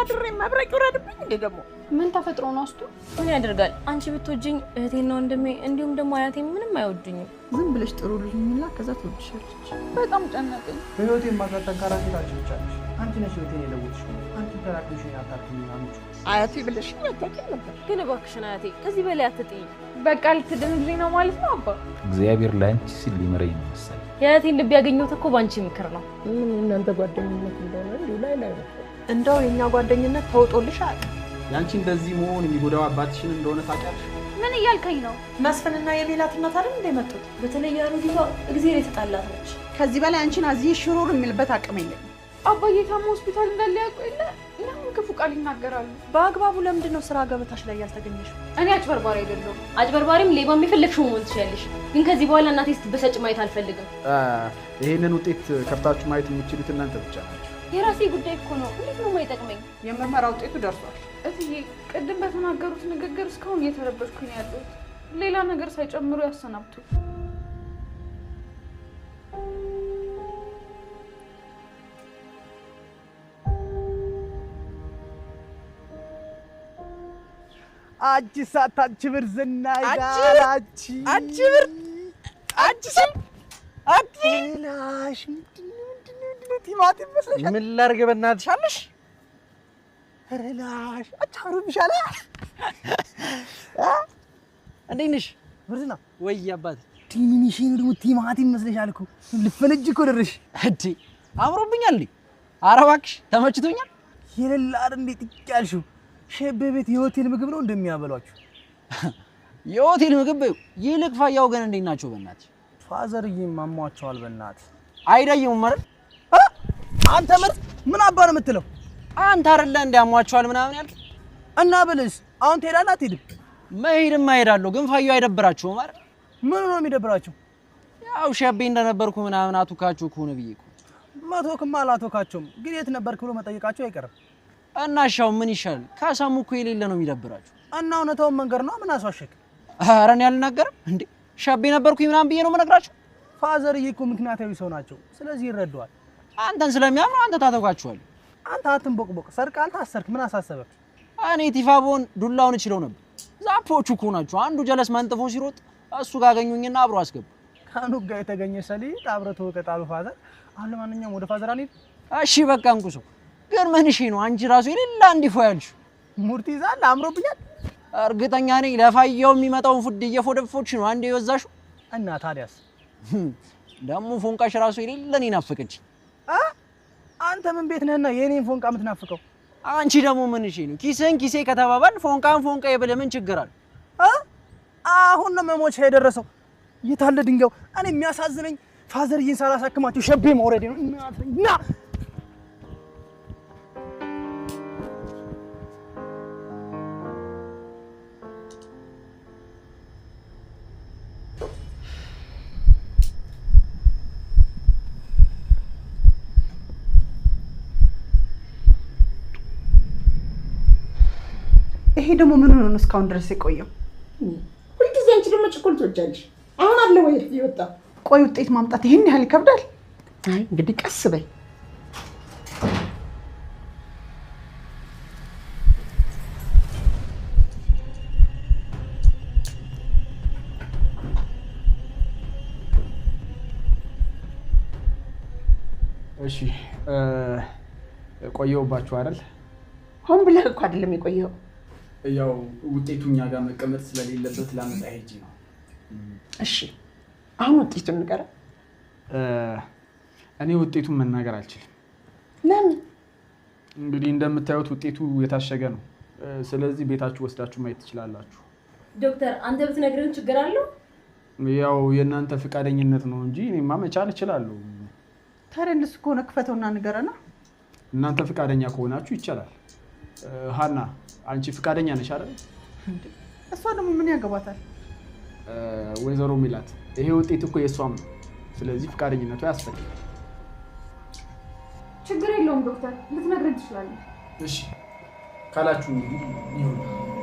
አድሬ መብረቅ ይውረድብኝ እንዴ! ደግሞ ምን ተፈጥሮ ነው? አስቱ ምን ያደርጋል? አንቺ ብትወጂኝ ነው ወንድሜ እንዲሁም ደግሞ አያቴ ምንም አይወዱኝም። ዝም ብለሽ ጥሩልኝ ልጅ ምላ፣ ከዛ ትወድሻለች። በጣም ጨነቀኝ። በህይወቴ የማውቃት ጠንካራ ሴት ብቻ ነሽ። አንቺ ነሽ ህይወቴን የለወጥሽው። አንቺ ተራቅምሽን ያታክኝ አምጪ አያቴ ብለሽ ያታቂ ነበር። ግን እባክሽን አያቴ ከዚህ በላይ አትጥይኝ። በቃ ልትድንልኝ ነው ማለት ነው አባ። እግዚአብሔር ለአንቺ ሲል ሊመረኝ ነው መሰለኝ። የአያቴን ልብ ያገኘሁት እኮ በአንቺ ምክር ነው። ምን እናንተ ጓደኝነት እንደሆነ እንዲሁ ላይ ላይ ነው። እንደው የእኛ ጓደኝነት ተውጦልሽ አቅ የአንቺ እንደዚህ መሆን የሚጎዳው አባትሽን እንደሆነ ታውቂያለሽ። ምን እያልከኝ ነው? መስፍንና የሜላት እናት አይደል እንደ መጡት። በተለይ ያሉት እግዜር የተጣላት ነች። ከዚህ በላይ አንቺን አዚህ ሽሩር የሚልበት አቅም የለም። አባዬ ታሞ ሆስፒታል እንዳለ ያውቁ የለ ለምን ክፉ ቃል ይናገራሉ? በአግባቡ ለምንድን ነው ስራ ገበታሽ ላይ ያልተገኘሽ? እኔ አጭበርባሪ አይደለሁም። አጭበርባሪም ሌባም የፈለግሽው መሆን ትችያለሽ። ግን ከዚህ በኋላ እናቴ በሰጭ ማየት አልፈልግም። ይህንን ውጤት ከፍታችሁ ማየት የምችሉት እናንተ ብቻ ናችሁ። የራሴ ጉዳይ እኮ ነው። እንዴት ነው የማይጠቅመኝ? የምርመራ ውጤቱ ደርሷል። እትዬ ቅድም በተናገሩት ንግግር እስካሁን እየተረበሽኩኝ ያለሁት ሌላ ነገር ሳይጨምሩ ያሰናብቱ። አቺ ሳት አችብር ዝናይ ጋር አቺ ብር አቺ ሰ አቺ ላሽ ቲማቲም መስለሽ ምን ላድርግ? በእናትሽ አለሽ ኧረ ላሽ አቻሩብሻል። እንዴት ነሽ? ብርድ ነው ወይ አባት? ትንንሽዬ ደግሞ ቲማቲም መስለሻል እኮ ልፈነጅ እኮ ደርሽ እዴ አምሮብኛል እንዴ! ኧረ እባክሽ ተመችቶኛል። የሌለ አይደል እንዴ ጥቅ ያልሽው ሼፍ ቤት የሆቴል ምግብ ነው እንደሚያበሏችሁ? የሆቴል ምግብ ይልቅ ፋያው ግን እንዴት ናቸው? በእናት ፋዘርዬ ማሟቸዋል። በእናት አይዳየውም ማለት አንተ ምርጥ ምን አባ ነው የምትለው? አንተ አይደለ እንዲያሟቸዋል ምናምን ያልክ እና ብልስ አሁን ትሄዳለህ አትሄድም? መሄድም እሄዳለሁ ግን ፋያው አይደብራችሁም ማለት ምን ነው የሚደብራችሁ? ያው ሸቤ እንደነበርኩ ምናምን አቶካችሁ ከሆነ ብዬ እኮ መቶክማ አላቶካቸውም ግን የት ነበርክ ብሎ መጠየቃቸው አይቀርም። እናሻው ምን ይሻል? ካሳሙ እኮ የሌለ ነው የሚደብራችሁ። እና እውነታውን መንገድ ነው። ምን አስዋሸክ? ኧረ እኔ አልናገርም እንዴ ሻቤ ነበርኩኝ ምናምን ብዬ ነው የምነግራችሁ። ፋዘርዬ እኮ ምክንያታዊ ሰው ናቸው፣ ስለዚህ ይረዷል። አንተን ስለሚያምር አንተ ታተኳችኋል። አንተ አትንቦቅቦቅ፣ ሰርቀሃል፣ ታሰርክ። ምን አሳሰበክ? እኔ ቲፋቦን ዱላውን እችለው ነበር። ዛፎቹ እኮ ናቸው። አንዱ ጀለስ መንጥፎ ሲሮጥ እሱ ጋር አገኙኝና አብሮ አስገቡ። ከኑግ ጋር የተገኘ ሰሊጥ አብረቶ ተወቀጣሉ። ፋዘር አሁን ለማንኛውም ወደ ፋዘር አንሄድ። እሺ በቃ እንቁሶ። ገርመንሽ ነው አንቺ ራሱ የሌላ እንዲፎ ያልሽ ሙርት ይዛል አምሮብኛል። እርግጠኛ ነኝ ለፋየው የሚመጣውን ፉድ እየፎደፎች ነው አንዴ የወዛሹ። እና ታዲያስ ደግሞ ፎንቃሽ ራሱ የሌለን ይናፍቅች። አንተ ምን ቤት ነህና የኔን ፎንቃ የምትናፍቀው? አንቺ ደግሞ ምንሽ ነው? ኪስህን ኪሴ ከተባባል ፎንቃን ፎንቃ የበለ ምን ችግር አለ? አሁን ነው መሞቻ የደረሰው። የታለ ድንጋዩ? እኔ የሚያሳዝነኝ ፋዘርዬን ሳላሳክማቸው ሸቤ መውረዴ ነው። ይሄ ደግሞ ምን ሆኖ ነው እስካሁን ድረስ የቆየው? ሁልጊዜ አንቺ ደግሞ ችኮል ትወጃለሽ። አሁን አለ ወይ ይወጣ? ቆይ ውጤት ማምጣት ይሄን ያህል ይከብዳል? አይ እንግዲህ ቀስ በይ። እሺ ቆየውባችሁ አይደል? ሆን ብለህ እኮ አይደለም የቆየው ያው ውጤቱ እኛ ጋር መቀመጥ ስለሌለበት ላመጣ ሄጅ ነው። እሺ አሁን ውጤቱን ንገረ። እኔ ውጤቱን መናገር አልችልም። ለምን? እንግዲህ እንደምታዩት ውጤቱ የታሸገ ነው። ስለዚህ ቤታችሁ ወስዳችሁ ማየት ትችላላችሁ። ዶክተር፣ አንተ ብትነግረን ችግር አለው? ያው የእናንተ ፈቃደኝነት ነው እንጂ እኔማ መቻል እችላለሁ። ታዲያ እንደሱ ከሆነ ክፈተውና ንገረና። እናንተ ፈቃደኛ ከሆናችሁ ይቻላል። ሀና አንቺ ፍቃደኛ ነሽ አይደል? እሷ ደግሞ ምን ያገባታል? ወይዘሮ ሚላት ይሄ ውጤት እኮ የእሷም ነው። ስለዚህ ፍቃደኝነቱ ያስፈልጋል። ችግር የለውም ዶክተር፣ ልትነግረን ትችላለህ። እሺ ካላችሁ እንግዲህ ይሁን።